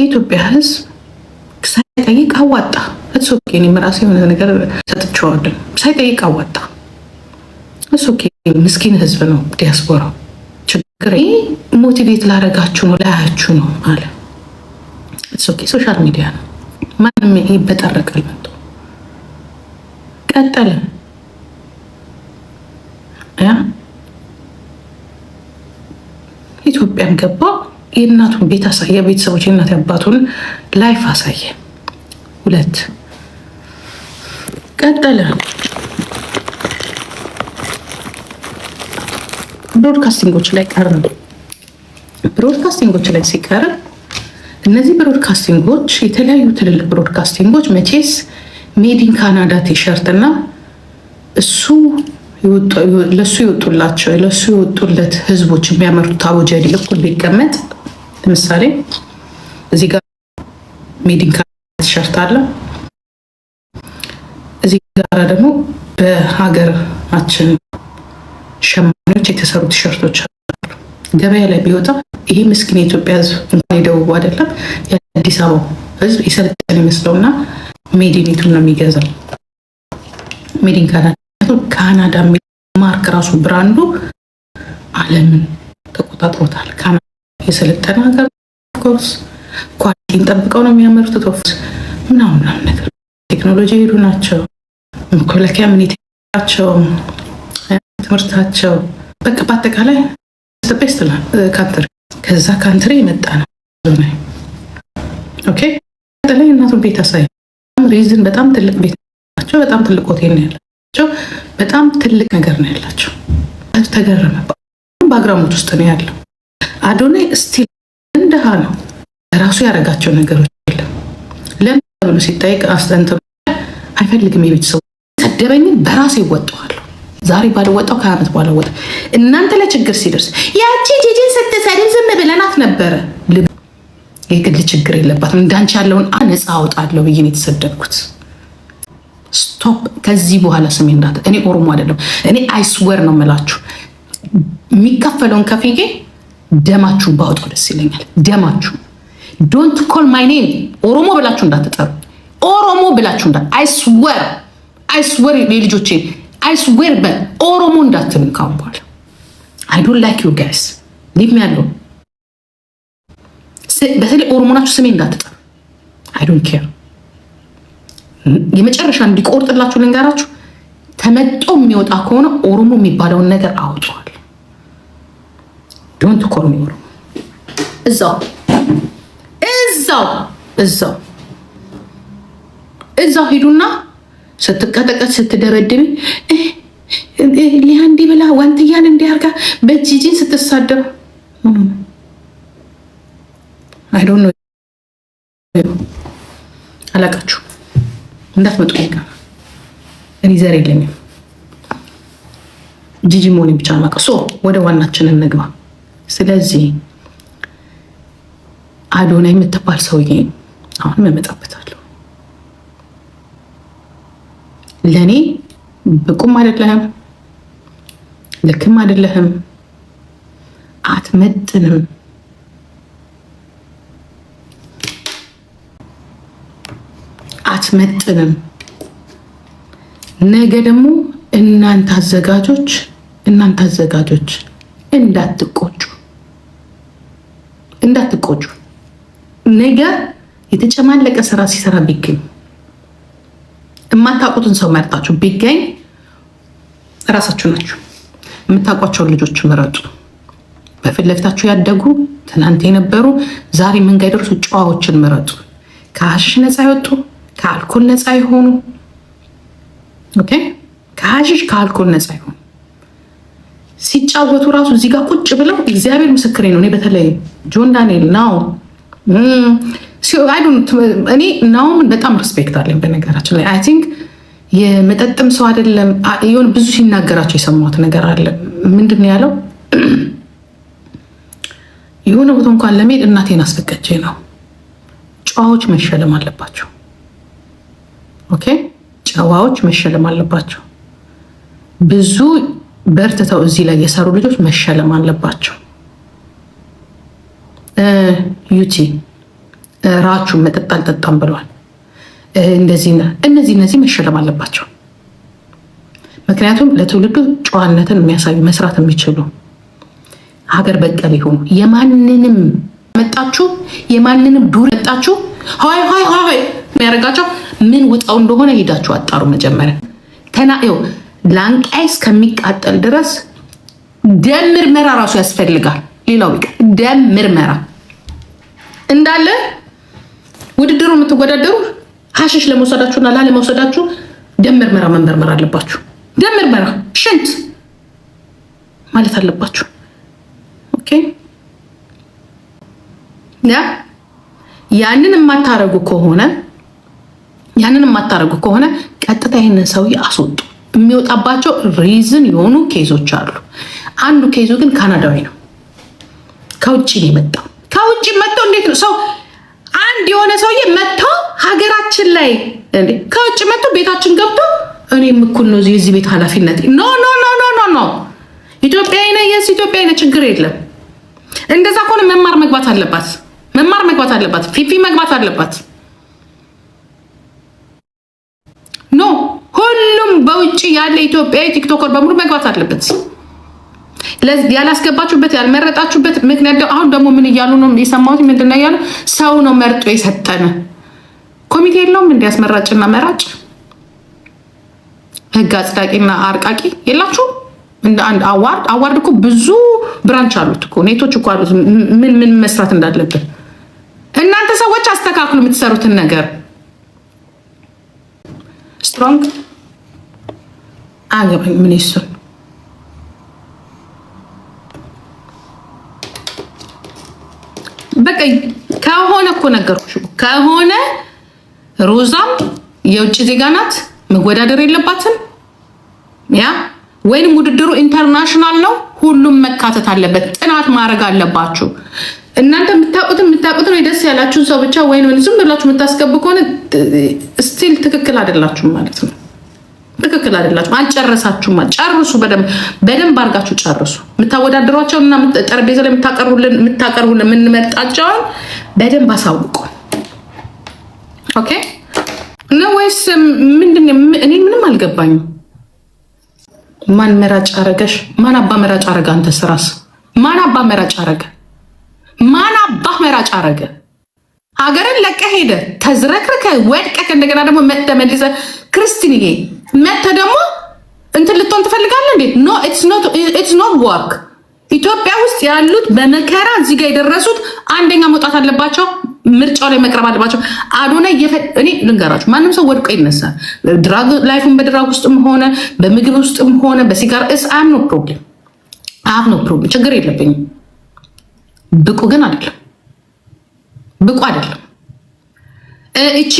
የኢትዮጵያ ህዝብ ሳይጠይቅ አዋጣ። እሱኬ እኔም ራሴ የሆነ ነገር ሰጥቼዋለሁ። ሳይጠይቅ አዋጣ። እሱኬ ምስኪን ሕዝብ ነው ዲያስፖራው። ችግር ሞቲቬት ላረጋችሁ ነው ላያችሁ ነው አለ። እሱኬ ሶሻል ሚዲያ ነው ማንም ይበጠረቃል። መጥቶ ቀጠለ ኢትዮጵያን ገባ የእናቱን ቤት አሳየ። ቤተሰቦች የእናት አባቱን ላይፍ አሳየ። ሁለት ቀጠለ ብሮድካስቲንጎች ላይ ቀርብ ብሮድካስቲንጎች ላይ ሲቀርብ እነዚህ ብሮድካስቲንጎች የተለያዩ ትልልቅ ብሮድካስቲንጎች መቼስ ሜዲን ካናዳ ቲሸርት እና እሱ ለሱ የወጡላቸው ለሱ የወጡለት ህዝቦች የሚያመሩት አቦጀዲ እኩል ቢቀመጥ ለምሳሌ እዚህ ጋር ሜዲንካ ቲሸርት አለ። እዚህ ጋር ደግሞ በሀገራችን ሸማኔዎች የተሰሩ ቲሸርቶች አሉ። ገበያ ላይ ቢወጣ ይህ ምስኪን የኢትዮጵያ ሕዝብ እንኳን የደቡቡ አይደለም የአዲስ አበባው ሕዝብ የሰለጠነ ይመስለውና ሜዲኔቱን ነው የሚገዛው። ሜዲን ካናዳ ካናዳ ማርክ ራሱ ብራንዱ አለምን ተቆጣጥሮታል። የስልጠና ሀገር ኮርስ ኳሊቲን ጠብቀው ነው የሚያመርቱ ቶፍስ ምናምን ነገር ቴክኖሎጂ ሄዱ ናቸው። መከላከያ ቸው ትምህርታቸው በቃ በአጠቃላይ ስፔስ ካንትሪ ከዛ ካንትሪ የመጣ ነው። ኦኬ በተለይ እናቱን ቤት አሳይ ሪዝን በጣም ትልቅ ቤት ናቸው። በጣም ትልቅ ሆቴል ነው ያላቸው። በጣም ትልቅ ነገር ነው ያላቸው። ተገረመ። በአግራሞት ውስጥ ነው ያለው። አዶናይ ስቲል እንደሃ ነው። ለራሱ ያደረጋቸው ነገሮች የለም። ለምን ተብሎ ሲጠይቅ አስተንተ አይፈልግም። የቤተሰቡ ሰደበኝን በራሴ ይወጣዋል። ዛሬ ባልወጣው ከዓመት በኋላ ወጣ። እናንተ ለችግር ሲደርስ ያቺ ጂጂን ስትሰድብ ዝም ብለናት ነበረ። የግል ችግር የለባትም። እንዳንቺ ያለውን ነፃ አውጣለሁ ብዬ ነው የተሰደብኩት። ስቶፕ። ከዚህ በኋላ ስሜ እንዳት እኔ ኦሮሞ አይደለም። እኔ አይስወር ነው የምላችሁ የሚከፈለውን ከፍዬ ደማችሁን ባወጡ ደስ ይለኛል። ደማችሁ ዶንት ኮል ማይ ኔም ኦሮሞ ብላችሁ እንዳትጠሩ፣ ኦሮሞ ብላችሁ እንዳ አይስወር አይስወር የልጆቼ አይስወር ኦሮሞ እንዳትሉኝ ካሁን በኋላ አይ ዶንት ላይክ ዩ ጋይስ ሊቭ ሚ ያለው በተለይ ኦሮሞ ናችሁ ስሜ እንዳትጠሩ። አይ ዶንት ኬር የመጨረሻ እንዲቆርጥላችሁ ልንገራችሁ፣ ተመጦ የሚወጣ ከሆነ ኦሮሞ የሚባለውን ነገር አውጠዋል። ዶንት ኮል ሚ ኦሮሞ እዛው እዛው እዛው እዛው ሂዱና ስትቀጠቀጥ ስትደበድቢ ሊያ እንዲህ ብላ ወንትያን እንዲያርጋ አርጋ በጂጂን ስትሳደብ አይዶን ነው አላቃችሁ እንዳትመጡ ጋ እኔ ዘር የለኝም። ጂጂ መሆኔን ብቻ ማቀ ሶ ወደ ዋናችንን እንግባ። ስለዚህ አዶና የምትባል ሰውዬ አሁንም እመጣበታለሁ። ለእኔ ብቁም አይደለህም፣ ልክም አይደለህም፣ አትመጥንም። አትመጥንም። ነገ ደግሞ እናንተ አዘጋጆች እናንተ አዘጋጆች እንዳትቆጩ እንዳትቆጩ። ነገ የተጨማለቀ ስራ ሲሰራ ቢገኝ የማታውቁትን ሰው መርጣችሁ ቢገኝ እራሳችሁ ናችሁ። የምታውቋቸውን ልጆች ምረጡ። በፊት ለፊታችሁ ያደጉ ትናንት የነበሩ ዛሬ መንጋይ የደረሱ ጨዋዎችን ምረጡ። ከሀሽሽ ነፃ የወጡ ከአልኮል ነፃ የሆኑ ከሀሽሽ ከአልኮል ነፃ የሆኑ ሲጫወቱ ራሱ እዚህ ጋር ቁጭ ብለው እግዚአብሔር ምስክሬ ነው። እኔ በተለይ ጆን ዳንኤል ናው እኔ ናውም በጣም ሪስፔክት አለኝ። በነገራችን ላይ አይ ቲንክ የመጠጥም ሰው አይደለም። የሆነ ብዙ ሲናገራቸው የሰማሁት ነገር አለ። ምንድን ነው ያለው? የሆነ ቦታ እንኳን ለመሄድ እናቴን አስፈቀጀ ነው። ጨዋዎች መሸለም አለባቸው። ኦኬ ጨዋዎች መሸለም አለባቸው ብዙ በርትተው እዚህ ላይ የሰሩ ልጆች መሸለም አለባቸው። ዩቲ ራቹ መጠጥ አልጠጣም ብሏል። እንደዚህ እነዚህ እነዚህ መሸለም አለባቸው። ምክንያቱም ለትውልዱ ጨዋነትን የሚያሳዩ መስራት የሚችሉ ሀገር በቀል የሆኑ የማንንም መጣችሁ የማንንም ዱር መጣችሁ ሆይ ሆይ ሆይ የሚያደርጋቸው ምን ውጣው እንደሆነ ሄዳችሁ አጣሩ መጀመሪያ ተናው ላንቃይ እስከሚቃጠል ድረስ ደም ምርመራ ራሱ ያስፈልጋል። ሌላው ደም ምርመራ እንዳለ ውድድሩ የምትወዳደሩ ሀሽሽ ለመውሰዳችሁና ላለመውሰዳችሁ ደም ምርመራ መመርመር አለባችሁ። ደም ምርመራ ሽንት ማለት አለባችሁ። ኦኬ ያ ያንን የማታረጉ ከሆነ ያንን የማታረጉ ከሆነ ቀጥታ ይህንን ሰውዬ አስወጡ። የሚወጣባቸው ሪዝን የሆኑ ኬዞች አሉ። አንዱ ኬዞ ግን ካናዳዊ ነው። ከውጭ ነው የመጣው። ከውጭ መጥተው እንዴት ነው ሰው አንድ የሆነ ሰውዬ መጥቶ ሀገራችን ላይ ከውጭ መጥቶ ቤታችን ገብቶ እኔም እኩል ነው የዚህ ቤት ኃላፊነት ኖ ኖ ኖ ኖ ኖ ኢትዮጵያዊ ነህ የስ ኢትዮጵያዊ ነህ ችግር የለም። እንደዛ ከሆነ መማር መግባት አለባት። መማር መግባት አለባት። ፊፊ መግባት አለባት። ኖ ሁሉም በውጭ ያለ ኢትዮጵያዊ ቲክቶከር በሙሉ መግባት አለበት። ያላስገባችሁበት ያልመረጣችሁበት ምክንያት አሁን ደግሞ ምን እያሉ ነው የሰማሁት? ምንድን ነው እያሉ ሰው ነው መርጦ የሰጠነ ኮሚቴ የለውም እንዲ አስመራጭና መራጭ ህግ አጽዳቂና አርቃቂ የላችሁም? እንደ አንድ አዋርድ አዋርድ እኮ ብዙ ብራንች አሉት እኮ ኔቶች እኮ አሉት። ምን ምን መስራት እንዳለብን እናንተ ሰዎች አስተካክሉ የምትሰሩትን ነገር ስትሮንግ አያገባኝ ምን ይሱን በቃ ከሆነ እኮ ነገርኩሽ። ከሆነ ሮዛም የውጭ ዜጋ ናት፣ መወዳደር የለባትም። ያ ወይንም ውድድሩ ኢንተርናሽናል ነው፣ ሁሉም መካተት አለበት። ጥናት ማድረግ አለባችሁ። እናንተ የምታውቁትን የምታውቁትን ወይ ደስ ያላችሁን ሰው ብቻ ወይም ዝም ብላችሁ የምታስገቡ ከሆነ ስቲል ትክክል አይደላችሁም ማለት ነው። ትክክል አይደላችሁም፣ አልጨረሳችሁም። ጨርሱ፣ በደንብ አድርጋችሁ ጨርሱ። የምታወዳደሯቸውን እና ጠረጴዛ ላይ የምታቀርቡልን የምታቀርቡልን የምንመርጣቸውን በደንብ አሳውቁ። ኦኬ ወይስ ምንድን? እኔ ምንም አልገባኝም። ማን መራጭ አረገሽ? ማን አባ መራጭ አረገ? አንተ ስራስ ማን አባ መራጭ አረገ? ማን አባህ መራጭ አረገ? ሀገርን ለቀ ሄደ ተዝረክርከ ወድቀክ፣ እንደገና ደግሞ መጥተህ ክርስቲን ይሄ መጥተህ ደግሞ እንትን ልትሆን ትፈልጋለህ እንዴ? ኖ ኢትስ ኖት ወርክ። ኢትዮጵያ ውስጥ ያሉት በመከራ እዚህ ጋር የደረሱት አንደኛ መውጣት አለባቸው፣ ምርጫው ላይ መቅረብ አለባቸው። አዶና እኔ ልንገራችሁ፣ ማንም ሰው ወድቆ ይነሳል። ድራግ ላይፉን በድራግ ውስጥም ሆነ በምግብ ውስጥም ሆነ በሲጋር እስ አም ኖ ፕሮብሌም አም ኖ ፕሮብሌም ችግር የለብኝም። ብቁ ግን አይደለም፣ ብቁ አይደለም። እቺ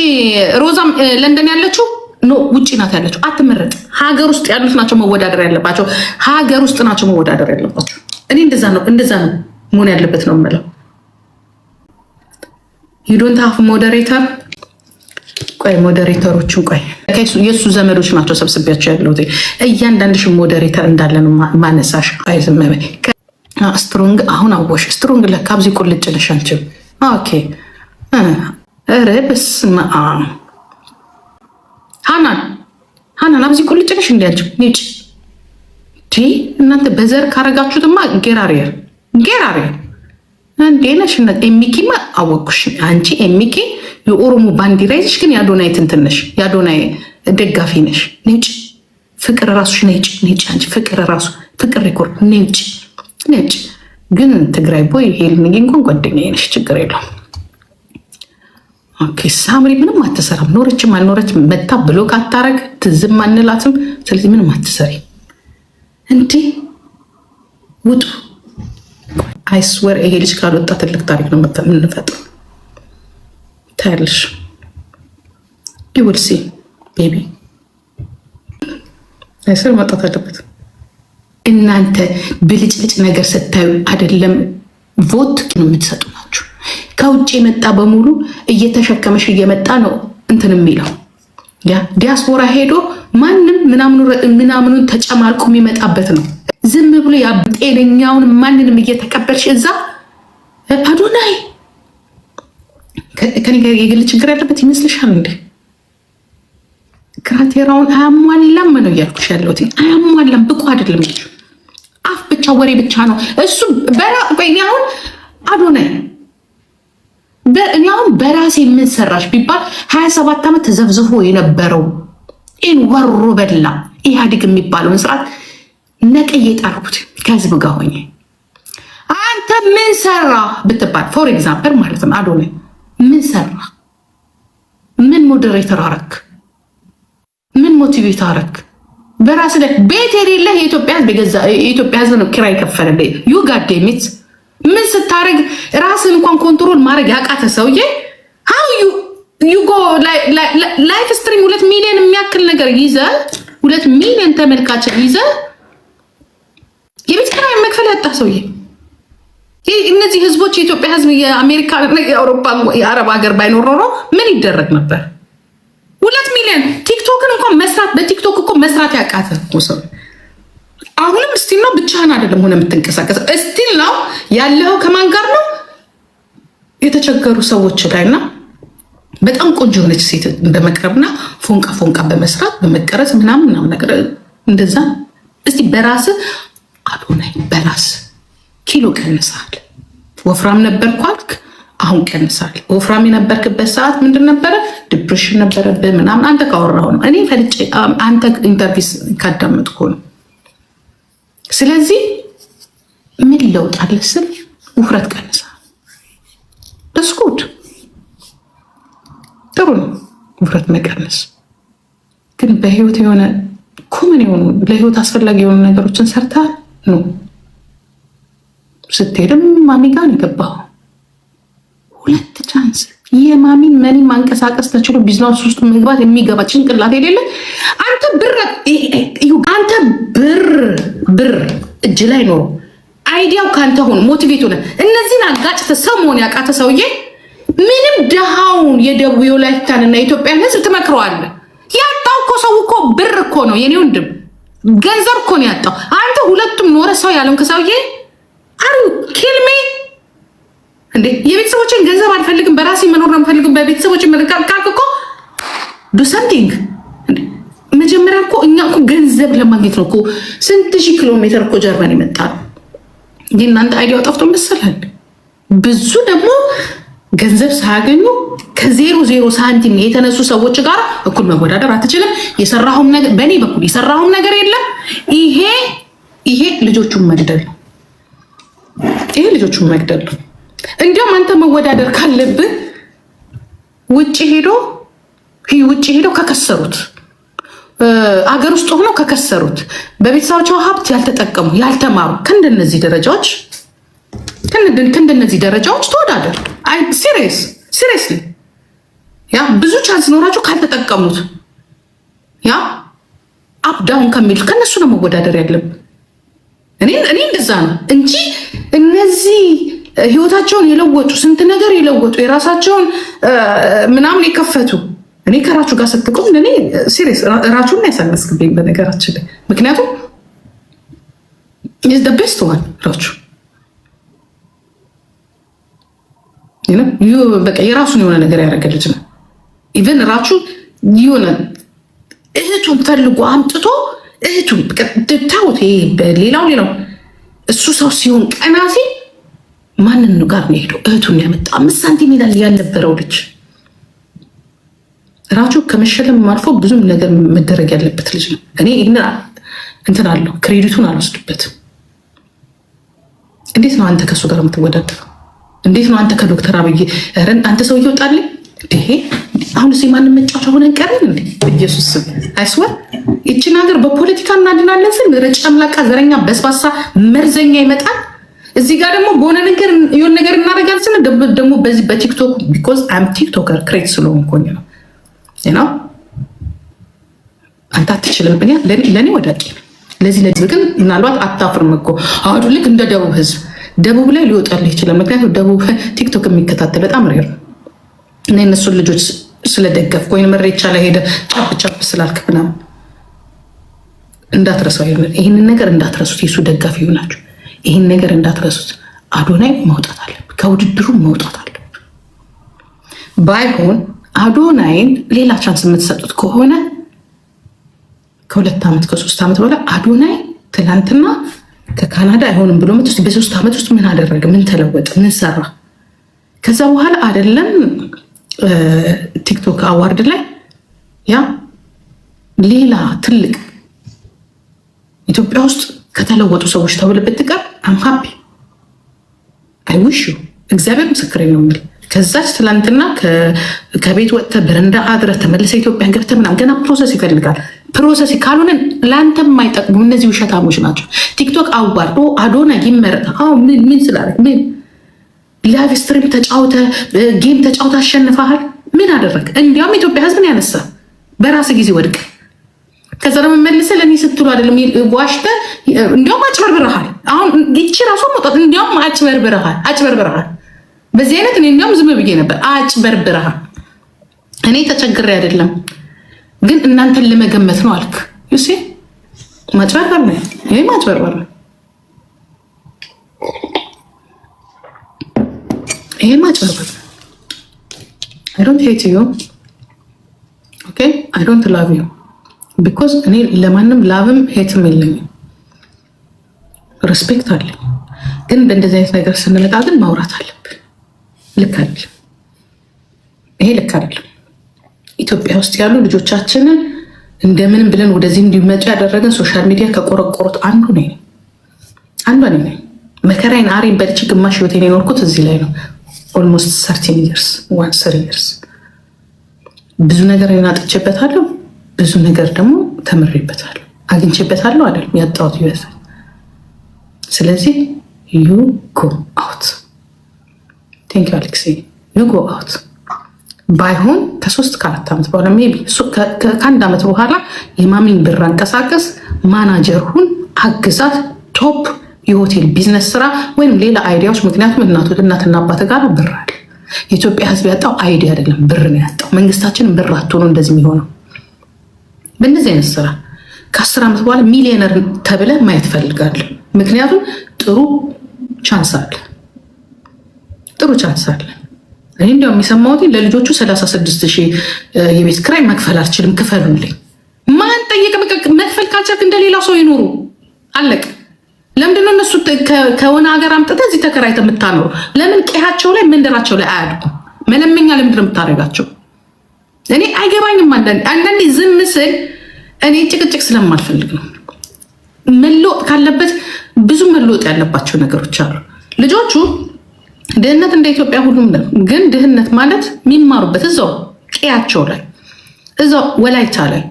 ሮዛም ለንደን ያለችው ኖ ውጭ ናት ያለችው፣ አትመረጥ። ሀገር ውስጥ ያሉት ናቸው መወዳደር ያለባቸው፣ ሀገር ውስጥ ናቸው መወዳደር ያለባቸው። እኔ እንደዛ ነው እንደዛ ነው መሆን ያለበት ነው የምለው። ዩዶንት ሀፍ ሞደሬተር ቆይ ሞዴሬተሮችን ቆይ የእሱ ዘመዶች ናቸው ሰብስቢያቸው ያለው እያንዳንድሽ ሞደሬተር እንዳለን ማነሳሽ አይዝመበ ስትሮንግ አሁን አወሽ ስትሮንግ ለካ ብዙ ቁልጭ ነሽ አንቺም። ኦኬ ኧረ በስመ አብ ሀናን ሀናን አብዚ ቁልጭ ነሽ እንዲ አንቺም ኔጭ ቲ እናንተ በዘር ካረጋችሁትማ ጌራሪየር ጌራሪየር እንዴ ነሽ ኤሚኪማ አወኩሽ አንቺ ኤሚኪ የኦሮሞ ባንዲራ ይዘሽ ግን የአዶናይ እንትን ነሽ የአዶናይ ደጋፊ ነሽ ንጭ ፍቅር ራሱሽ ነጭ ነጭ አንቺ ፍቅር ራሱ ፍቅር ሪኮርድ ነጭ ነጭ ግን ትግራይ ቦይ ሄልምዬ እንኳን ጓደኛዬ ነሽ፣ ችግር የለውም። ኦኬ ሳምሪ ምንም አትሰራም። ኖረችም አልኖረች መታ ብሎ አታረግ፣ ትዝም አንላትም። ስለዚህ ምንም አትሰሪ። እንዴ ውጡ! አይስወር ይሄ ልጅ ካልወጣ ትልቅ ታሪክ ነው የምንፈጥሩ። ታያለሽ ዩውል ሲ ቤቢ አይስወር መውጣት አለበት። እናንተ ብልጭልጭ ነገር ስታዩ አይደለም ቮት ነው የምትሰጡ ናችሁ። ከውጭ የመጣ በሙሉ እየተሸከመሽ እየመጣ ነው እንትን የሚለው ዲያስፖራ ሄዶ ማንም ምናምኑን ተጨማልቆ የሚመጣበት ነው። ዝም ብሎ ጤነኛውን ማንንም እየተቀበልሽ እዛ አዶናይ ከኔ ጋር የግል ችግር ያለበት ይመስልሻል እንዴ? ክራቴራውን አያሟላም ነው እያልኩሽ ያለሁት። አያሟላም ብቁ አይደለም ልጅ ወሬ ብቻ ነው እሱ በራ አሁን አዶናይ አሁን በራሴ ምን ሰራሽ ቢባል ሀያ ሰባት ዓመት ተዘብዝፎ የነበረው ይህን ወሮ በላ ኢህአዴግ የሚባለውን ስርዓት ነቅዬ ጣልኩት ከህዝብ ጋር ሆኜ አንተ ምን ሰራ ብትባል ፎር ኤግዛምፕል ማለት ነው አዶናይ ምን ሰራ ምን ሞዴሬተር አረክ ምን ሞቲቬት አረክ በራስ ደ ቤት የሌለ የኢትዮጵያ ሕዝብ ነው ኪራይ ከፈለልህ። ዩ ጋዴሚት ምን ስታደርግ ራስን እንኳን ኮንትሮል ማድረግ ያቃተ ሰውዬ ሀው ዩ ጎ ላይፍ ስትሪም ሁለት ሚሊዮን የሚያክል ነገር ይዘ ሁለት ሚሊዮን ተመልካች ይዘ የቤት ኪራይ መክፈል ያጣ ሰውዬ እነዚህ ህዝቦች የኢትዮጵያ ህዝብ የአሜሪካ፣ የአውሮፓ፣ የአረብ ሀገር ባይኖር ኖሮ ምን ይደረግ ነበር? ሁለት ሚሊዮን ቲክቶክን እንኳን መስራት በቲክቶክ እኮ መስራት ያቃተ ሰው አሁንም ስቲል ነው። ብቻህን አይደለም ሆነ የምትንቀሳቀሰው ስቲል ነው ያለው። ከማን ጋር ነው? የተቸገሩ ሰዎች ላይ እና በጣም ቆንጆ የሆነች ሴት በመቅረብና ፎንቃ ፎንቃ በመስራት በመቀረጽ ምናምን ምናምን ነገር እንደዛ። እስቲ በራስ አዶናይ በራስ ኪሎ ቀንሳል። ወፍራም ነበርኩ አልክ አሁን ቀንሳል። ወፍራም የነበርክበት ሰዓት ምንድን ነበረ? ዲፕሬሽን ነበረብህ ምናምን። አንተ ካወራሁ ነው እኔ ፈልጭ፣ አንተ ኢንተርቪስ ካዳመጥኩ ነው። ስለዚህ ምን ለውጥ አለ ስል ውፍረት ቀንሳ ደስኩድ ጥሩ ነው ውፍረት መቀነስ። ግን በህይወት የሆነ ኮመን የሆኑ ለህይወት አስፈላጊ የሆኑ ነገሮችን ሰርታ ነው ስትሄድም ማሚጋን የገባው ሁለት ቻንስ የማሚን መኒ ማንቀሳቀስ ተችሎ ቢዝነስ ውስጥ መግባት የሚገባ ጭንቅላት የሌለ አንተ ብር አንተ ብር ብር እጅ ላይ ኖሮ አይዲያው ከአንተ ሆኖ ሞቲቬት ሆነ እነዚህን አጋጭተ ሰው መሆን ያቃተ ሰውዬ ምንም ድሃውን የደቡብ ወላይታን እና የኢትዮጵያን ሕዝብ ትመክረዋለ። ያጣው እኮ ሰው እኮ ብር እኮ ነው የኔ ወንድም፣ ገንዘብ እኮ ነው ያጣው። አንተ ሁለቱም ኖረ ሰው ያለውን ከሰውዬ አሩ ኪልሜ እንዴ የቤተሰቦችን ገንዘብ አልፈልግም፣ በራሴ መኖር ነው የምፈልግም። በቤተሰቦችን መልካም ካልክ እኮ ዱ ሰምቲንግ። መጀመሪያ እኮ እኛ እኮ ገንዘብ ለማግኘት ነው እኮ ስንት ሺህ ኪሎ ሜትር እኮ ጀርመን የመጣ ነው። እንዲ እናንተ አይዲያው ጠፍቶ መሰላል። ብዙ ደግሞ ገንዘብ ሳያገኙ ከዜሮ ዜሮ ሳንቲም የተነሱ ሰዎች ጋር እኩል መወዳደር አትችልም። የሰራሁም ነገር በእኔ በኩል የሰራሁም ነገር የለም። ይሄ ይሄ ልጆቹን መግደል ነው። ይሄ ልጆቹን መግደል ነው። እንዲያውም አንተ መወዳደር ካለብህ ውጭ ሄዶ ውጭ ሄዶ ከከሰሩት አገር ውስጥ ሆኖ ከከሰሩት በቤተሰባቸው ሀብት ያልተጠቀሙ ያልተማሩ ከእንደነዚህ ደረጃዎች ከእንደነዚህ ደረጃዎች ተወዳደር። ሲሪየስ ሲሪየስሊ ያ ብዙ ቻንስ ኖራቸው ካልተጠቀሙት ያ አፕዳውን ከሚሉት ከእነሱ ነው መወዳደር እኔ እኔ እንደዛ ነው እንጂ እነዚህ ህይወታቸውን የለወጡ ስንት ነገር የለወጡ የራሳቸውን ምናምን የከፈቱ እኔ ከራችሁ ጋር ስትቆም እኔ ሲሪየስ ራችሁን ያሳነስክብኝ በነገራችን ላይ ምክንያቱም ኢዝ ደ ቤስት ዋን ራቹ በቃ የራሱን የሆነ ነገር ያደረገ ልጅ ነው። ኢቨን ራቹ የሆነ እህቱን ፈልጎ አምጥቶ እህቱን ታውት በሌላው ሌላው እሱ ሰው ሲሆን ቀናሴ ማንን ጋር ነው የሄደው? እህቱን ያመጣ አምስት ሳንቲም ይላል ያልነበረው ልጅ ራቹ ከመሸለም አልፎ ብዙም ነገር መደረግ ያለበት ልጅ ነው። እኔ እንትን አለው ክሬዲቱን አልወስድበትም። እንዴት ነው አንተ ከእሱ ጋር የምትወዳደረው? እንዴት ነው አንተ ከዶክተር አብይ ረን አንተ ሰው እየወጣልኝ ይሄ አሁን ስ ማንም መጫወቻ ሆነን ቀረን እንዴ? ኢየሱስ ስም አይስወር ይችን ሀገር በፖለቲካ እናድናለን ስል ረጫ ምላቃ፣ ዘረኛ፣ በስባሳ፣ መርዘኛ ይመጣል። እዚህ ጋር ደግሞ በሆነ ነገር የሆነ ነገር እናደርጋለን ስለ ደግሞ በዚህ በቲክቶክ ቢኮዝ አም ቲክቶከር ክሬት ስለሆንኩኝ ነው ነው አንተ አትችልም። ምክንያት ለእኔ ወዳቂ ለዚህ ለዚህ ግን ምናልባት አታፍርም እኮ አዋዱ ልክ እንደ ደቡብ ህዝብ ደቡብ ላይ ሊወጣልህ ይችላል። ምክንያቱም ደቡብ ቲክቶክ የሚከታተል በጣም ሬር እና የነሱን ልጆች ስለደገፍክ ወይም መሬቻ ላይ ሄደ ጫፕ ጫፕ ስላልክ ምናምን እንዳትረሳው፣ ይህንን ነገር እንዳትረሱት የሱ ደጋፊ ናቸው። ይህን ነገር እንዳትረሱት። አዶናይ መውጣት አለብን፣ ከውድድሩ መውጣት አለብን። ባይሆን አዶናይን ሌላ ቻንስ የምትሰጡት ከሆነ ከሁለት ዓመት ከሶስት ዓመት በኋላ አዶናይ ትላንትና ከካናዳ አይሆንም ብሎ መት በሶስት ዓመት ውስጥ ምን አደረገ? ምን ተለወጠ? ምን ሰራ? ከዛ በኋላ አይደለም ቲክቶክ አዋርድ ላይ ያ ሌላ ትልቅ ኢትዮጵያ ውስጥ ከተለወጡ ሰዎች ተብሎ ብትቀር አም ሀፒ አይውሹ እግዚአብሔር ምስክር ነው የሚል ከዛች ትላንትና ከቤት ወጥተ በረንዳ አድረ ተመልሰ ኢትዮጵያን ገብተ ምናምን ገና ፕሮሰስ ይፈልጋል። ፕሮሰስ ካልሆነ ለአንተ የማይጠቅሙ እነዚህ ውሸታሞች ናቸው። ቲክቶክ አዋርዶ አዶና ይመረጥ ምን ምን ስላለ ምን ላይቭ ስትሪም ተጫውተ ጌም ተጫውተ አሸንፈሃል። ምን አደረግ? እንዲያውም ኢትዮጵያ ህዝብን ያነሳ በራስ ጊዜ ወድቅ ከዛ ደግሞ መልሰ ለእኔ ስትሉ አይደለም ዋሽተ እንዲያውም አጭበርብረሃል። አሁን ይቺ ራሱ መውጣት እንዲያውም አጭበርብረሃል፣ አጭበርብረሃል። በዚህ አይነት እኔ እንዲያውም ዝም ብዬ ነበር። አጭበርብረሃል። እኔ ተቸግሬ አይደለም ግን እናንተን ለመገመት ነው አልክ። ዩሴ ማጭበርበር ነው፣ ይሄ ማጭበርበር ነው፣ ይሄ ማጭበርበር ነው። አይ ዶንት ሄት ዩ ኦኬ አይ ዶንት ላቭ ዩ ቢኮዝ እኔ ለማንም ላብም ሄትም የለኝም፣ ሪስፔክት አለኝ። ግን በእንደዚህ አይነት ነገር ስንመጣ ግን ማውራት አለብን። ልክ አይደለም፣ ይሄ ልክ አይደለም። ኢትዮጵያ ውስጥ ያሉ ልጆቻችንን እንደምንም ብለን ወደዚህ እንዲመጡ ያደረገን ሶሻል ሚዲያ ከቆረቆሩት አንዱ ነ አንዱ ነ መከራይን አሬን በልቼ ግማሽ ህይወቴን የኖርኩት እዚህ ላይ ነው። ኦልሞስት ሰርቲን ይርስ ዋን ስር ይርስ ብዙ ነገር ናጥቼበታለሁ። ብዙ ነገር ደግሞ ተምሬበታለሁ፣ አግኝቼበታለሁ። አይደለም ያጣሁት ይበዛ። ስለዚህ ዩ ጎ አውት ቴንክ ዩ ዩ ጎ አውት ባይሆን ከሶስት ከአራት ዓመት በኋላ ሜይ ቢ ከአንድ ዓመት በኋላ የማሚን ብር አንቀሳቀስ፣ ማናጀር ሁን፣ አግዛት፣ ቶፕ የሆቴል ቢዝነስ ስራ ወይም ሌላ አይዲያዎች። ምክንያቱም እናቱ እናትና አባት ጋር ብር አለ። የኢትዮጵያ ሕዝብ ያጣው አይዲያ አይደለም ብር ነው ያጣው። መንግስታችን ብር አትሆኑ እንደዚህ የሚሆነው በእነዚህ አይነት ስራ ከአስር ዓመት በኋላ ሚሊዮነር ተብለ ማየት ፈልጋለሁ። ምክንያቱም ጥሩ ቻንስ አለ፣ ጥሩ ቻንስ አለ። እኔ እንዲያው የሚሰማሁት ለልጆቹ ሰላሳ ሺህ የቤት ክራይ መክፈል አልችልም፣ ክፈሉልኝ። ማን ጠየቀ? መክፈል ካልቻልክ እንደሌላ ሰው ይኖሩ አለቅ። ለምንድነው እነሱ ከሆነ ሀገር አምጥተህ እዚህ ተከራይተህ የምታኖሩ? ለምን ቀያቸው ላይ መንደራቸው ላይ አያድጉም? መለመኛ ለምንድነው የምታደርጋቸው? እኔ አይገባኝም። አንዳንዴ ዝም ስል እኔ ጭቅጭቅ ስለማልፈልግ ነው። መለወጥ ካለበት ብዙ መለወጥ ያለባቸው ነገሮች አሉ። ልጆቹ ድህነት እንደ ኢትዮጵያ ሁሉም ነው፣ ግን ድህነት ማለት የሚማሩበት እዛው ቀያቸው ላይ እዛው ወላይታ ላይ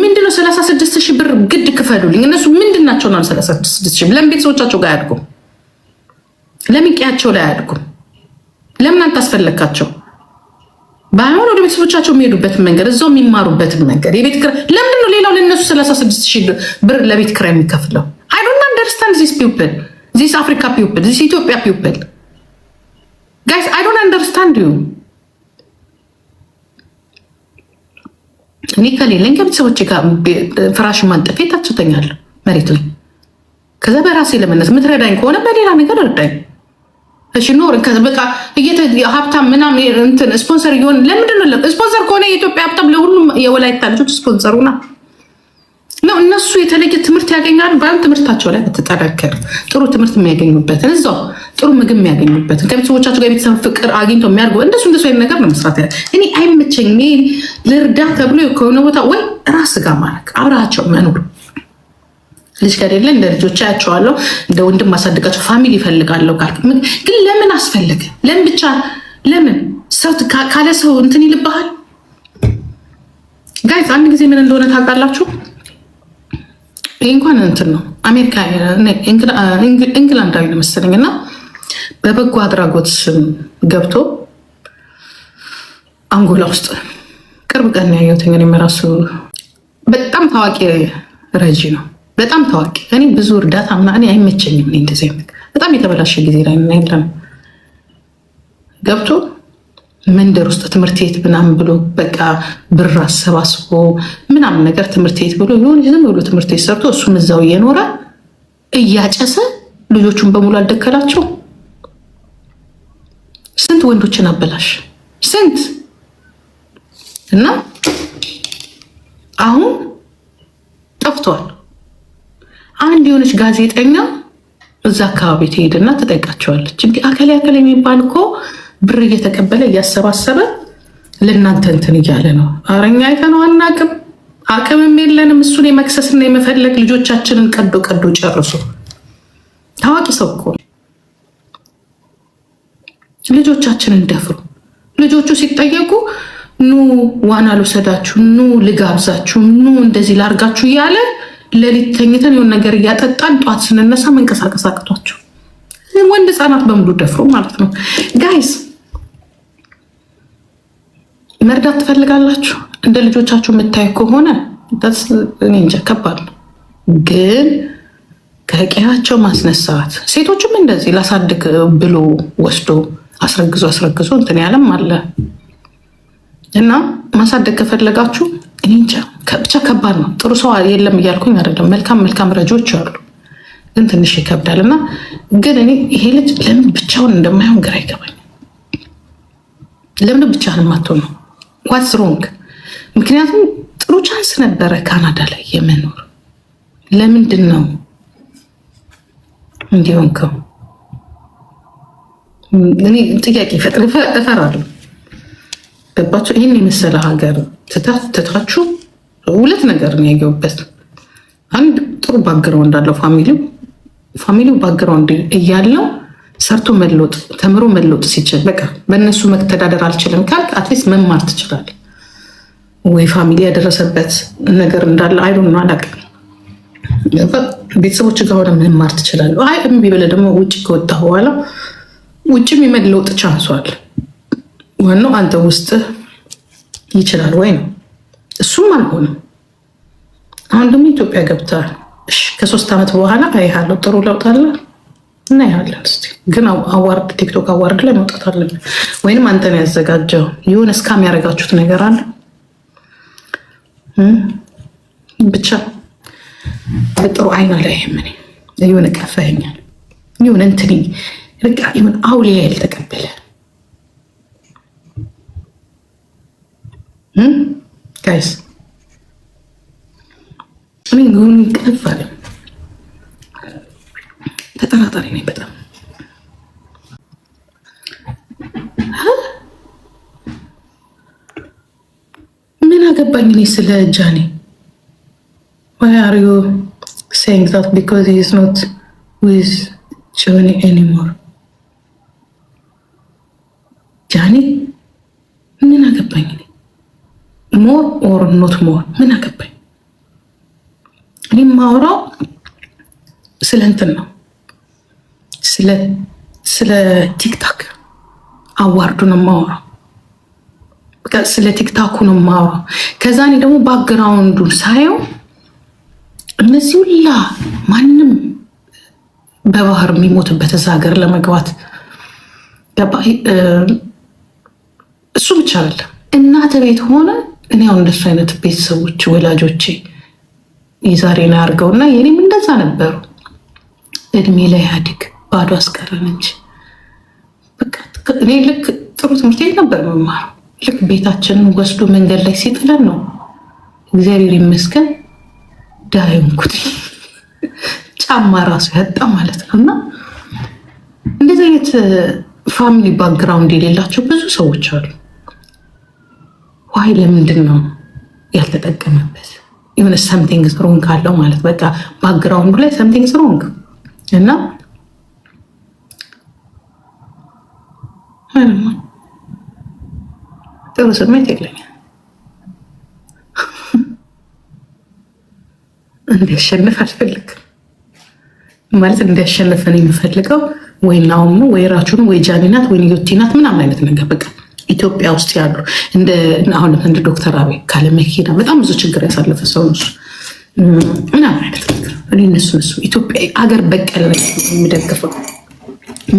ምንድነው 36 ሺህ ብር ግድ ክፈሉልኝ። እነሱ ምንድናቸው ነው 36 ሺህ? ለምን ቤተሰቦቻቸው ጋር አያድጉም? ለምን ቀያቸው ላይ አያድጉም? ለምን አንተ አስፈለግካቸው? ባይሆን ወደ ቤተሰቦቻቸው የሚሄዱበትን መንገድ እዛው የሚማሩበትን መንገድ የቤት ኪራይ ለምንድን ነው ሌላው ለነሱ 36 ስድስት ሺህ ብር ለቤት ኪራይ የሚከፍለው? አይ ዶንት አንደርስታንድ ዚስ ፒውፕል ዚስ አፍሪካ ፒውፕል ዚስ ኢትዮጵያ ፒውፕል ጋይስ አይ ዶንት አንደርስታንድ ዩ። እኔ ከሌለኝ ከቤተሰቦቼ ጋር ፍራሽ ማንጠፌ ታቸው ተኛለሁ መሬት ላይ። ከዛ በራሴ ለመነስ ምትረዳኝ ከሆነ በሌላ ነገር እርዳኝ። ተሽኖር ኖርን በቃ ሀብታም ምናምን እንትን ስፖንሰር እየሆን ለምንድን ነው ስፖንሰር ከሆነ የኢትዮጵያ ሀብታም ለሁሉም የወላይታ ልጆች ስፖንሰሩ ና ነው። እነሱ የተለየ ትምህርት ያገኛሉ። በአንድ ትምህርታቸው ላይ ብትጠነክር ጥሩ ትምህርት የሚያገኙበትን እዛው ጥሩ ምግብ የሚያገኙበትን ከቤተሰቦቻቸው ጋር የቤተሰብ ፍቅር አግኝቶ የሚያርጉ እንደሱ እንደሱ አይነት ነገር ነው መስራት ያለ እኔ አይመቸኝ ልርዳ ተብሎ ከሆነ ቦታ ወይ ራስ ጋር ማድረግ አብራቸው መኖር ልጅ ከሌለ እንደ ልጆች ያቸዋለሁ እንደ ወንድም ማሳድጋቸው ፋሚሊ ይፈልጋለሁ ካልክ ግን ለምን አስፈለገ? ለምን ብቻ ለምን ሰው ካለ ሰው እንትን ይልብሃል? ጋይዝ አንድ ጊዜ ምን እንደሆነ ታውቃላችሁ? ይህ እንኳን እንትን ነው አሜሪካ እንግላንዳዊ ነው መሰለኝ እና በበጎ አድራጎት ስም ገብቶ አንጎላ ውስጥ ቅርብ ቀን ያየሁት እንግዲህ የራሱ በጣም ታዋቂ ረጂ ነው በጣም ታዋቂ እኔ ብዙ እርዳታ ምና እኔ እንደዚህ አይነት በጣም የተበላሸ ጊዜ ላይ ያለ ነው። ገብቶ መንደር ውስጥ ትምህርት ቤት ምናምን ብሎ በቃ ብር አሰባስቦ ምናምን ነገር ትምህርት ቤት ብሎ የሆነ ዝም ብሎ ትምህርት ቤት ሰርቶ እሱም እዛው እየኖረ እያጨሰ ልጆቹን በሙሉ አልደከላቸው። ስንት ወንዶችን አበላሽ ስንት እና አሁን የሆነች ጋዜጠኛ እዛ አካባቢ ትሄድና ትጠይቃቸዋለች። እንዲህ አከል ያከል የሚባል እኮ ብር እየተቀበለ እያሰባሰበ ለእናንተ እንትን እያለ ነው። አረኛ እኛ አናቅም፣ አቅም አቅምም የለንም እሱን የመክሰስና የመፈለግ ልጆቻችንን ቀዶ ቀዶ ጨርሶ ታዋቂ ሰው እኮ ልጆቻችንን ደፍሩ። ልጆቹ ሲጠየቁ ኑ ዋና ልውሰዳችሁ፣ ኑ ልጋብዛችሁ፣ ኑ እንደዚህ ላርጋችሁ እያለ ሌሊት ተኝተን ነገር እያጠጣን ጠዋት ስንነሳ መንቀሳቀስ አቅቷቸው ወንድ ህፃናት በሙሉ ደፍሮ ማለት ነው። ጋይስ መርዳት ትፈልጋላችሁ? እንደ ልጆቻችሁ የምታይ ከሆነ እኔ እንጃ ከባድ ነው፣ ግን ከቄያቸው ማስነሳት ሴቶችም እንደዚህ ላሳድግ ብሎ ወስዶ አስረግዞ አስረግዞ እንትን ያለም አለ እና ማሳደግ ከፈለጋችሁ እንጃ ብቻ ከባድ ነው። ጥሩ ሰው የለም እያልኩኝ አይደለም። መልካም መልካም ረጆች አሉ፣ ግን ትንሽ ይከብዳል። እና ግን እኔ ይሄ ልጅ ለምን ብቻውን እንደማይሆን ግራ ይገባኛል። ለምን ብቻህን ነው? ዋትስ ሮንግ? ምክንያቱም ጥሩ ቻንስ ነበረ ካናዳ ላይ የመኖር ለምንድን ነው እንዲሆንከው? እኔ ጥያቄ እፈጥራለሁ። ገባቸው። ይህን የመሰለ ሀገር ትታችሁ ሁለት ነገር ነው ያየሁበት። አንድ ጥሩ ባክግራውንድ አለው ፋሚሊው ፋሚሊው ባክግራውንድ እያለው ሰርቶ መለወጥ ተምሮ መለወጥ ሲችል በቃ በእነሱ መተዳደር አልችልም ካልክ አትሊስት መማር ትችላል ወይ ፋሚሊ ያደረሰበት ነገር እንዳለ አይሉ ነው አላውቅም። ቤተሰቦች ጋር ሆነ መማር ትችላለህ። አይ እምቢ ብለህ ደግሞ ውጭ ከወጣ በኋላ ውጭም የመለወጥ ቻንሷል ዋናው አንተ ውስጥ ይችላል ወይ ነው። እሱም አልሆነም። አሁን ደግሞ ኢትዮጵያ ገብተሃል። ከሶስት ዓመት በኋላ አይሃለሁ። ጥሩ ለውጥ አለ እናያለን። ስ ግን አዋርድ ቲክቶክ አዋርድ ላይ መውጣት አለብን፣ ወይንም አንተን ያዘጋጀው ይሁን እስካም ያደረጋችሁት ነገር አለ ብቻ በጥሩ አይና ላይ ምን ይሁን ቀፈኛል ይሁን እንትንኝ ርቃ ይሁን አውሊያ ያልተቀበለ ጋይስ እኔ ጉን ቀፍ ተጠራጣሪ ነኝ በጣም ምን አገባኝ እኔ ስለ ጃኒ ዋይ are you saying that because he is not with ጆኒ anymore ጃኒ ምን አገባኝ እኔ ሞር ኦር ኖት ሞር ምን አገባኝ? እኔ የማወራው ስለ እንትን ነው፣ ስለ ቲክታክ አዋርዱ ነው የማወራው። ስለ ቲክታኩ ነው የማወራው። ከዛ እኔ ደግሞ ባክግራውንዱ ሳየው እነዚህ ሁላ ማንም በባህር የሚሞትበት እዛ ሀገር ለመግባት እሱ ብቻ አይደለም እናተ ቤት ሆነ እኔ አሁን እንደሱ አይነት ቤተሰቦች ወላጆቼ የዛሬ ላይ እና የኔም እንደዛ ነበሩ። እድሜ ላይ አድግ ባዶ አስቀረን እንጂ እኔ ልክ ጥሩ ትምህርት ቤት ነበር መማረው። ልክ ቤታችንን ወስዶ መንገድ ላይ ሲጥለን ነው እግዚአብሔር ይመስገን ዳይንኩት ጫማ ራሱ ያጣ ማለት ነው። እና እንደዚህ አይነት ፋሚሊ ባክግራውንድ የሌላቸው ብዙ ሰዎች አሉ። ዋይ ለምንድን ነው ያልተጠቀመበት? የሆነ ሰምቲንግ ስሮንግ ካለው ማለት በቃ ባክግራውንዱ ላይ ሰምቲንግ ስሮንግ እና ጥሩ ስሜት የለኛል። እንዲያሸንፍ አልፈልግም ማለት እንዲያሸንፍ ነው የምፈልገው ወይ ናሆም ወይ ራቹን ወይ ጃኒ ወይ ዮቲናት ምናምን አይነት ነገር በቃ ኢትዮጵያ ውስጥ ያሉ አሁን እንደ ዶክተር አብይ ካለ መኪና በጣም ብዙ ችግር ያሳለፈ ሰው ነሱ ምናምን አይነት ነገር እኔ እነሱ እሱ ኢትዮጵያ አገር በቀል የሚደግፈው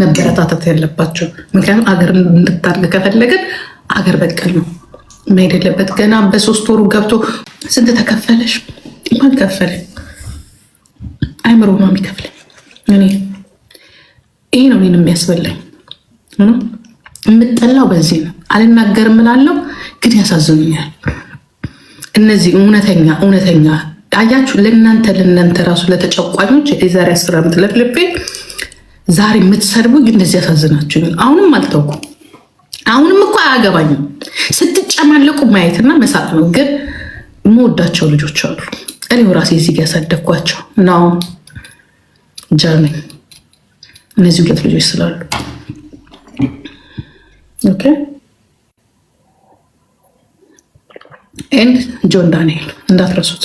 መበረታታት ያለባቸው ምክንያቱም አገር እንድታድግ ከፈለገን አገር በቀል ነው መሄድ የለበት። ገና በሶስት ወሩ ገብቶ ስንት ተከፈለሽ? ማን ከፈለ? አይምሮ ማ የሚከፍለኝ። እኔ ይሄ ነው እኔን የሚያስበላኝ። የምጠላው በዚህ ነው። አልናገርም እላለሁ፣ ግን ያሳዝኑኛል። እነዚህ እውነተኛ እውነተኛ አያችሁ፣ ለእናንተ ለእናንተ ራሱ ለተጨቋኞች የዛሬ አስር ዓመት ለፍልፌ ዛሬ የምትሰድቡ ግን እንደዚህ ያሳዝናችሁ። አሁንም አልተውኩ፣ አሁንም እኮ አያገባኝም። ስትጨማለቁ ማየትና መሳቅ ነው። ግን የምወዳቸው ልጆች አሉ። እኔው ራሴ እዚህ ጋ ያሳደግኳቸው ናው ጃርሜን እነዚህ ሁለት ልጆች ስላሉ ኦኬ ኤንድ ጆን ዳንኤል እንዳትረሱት።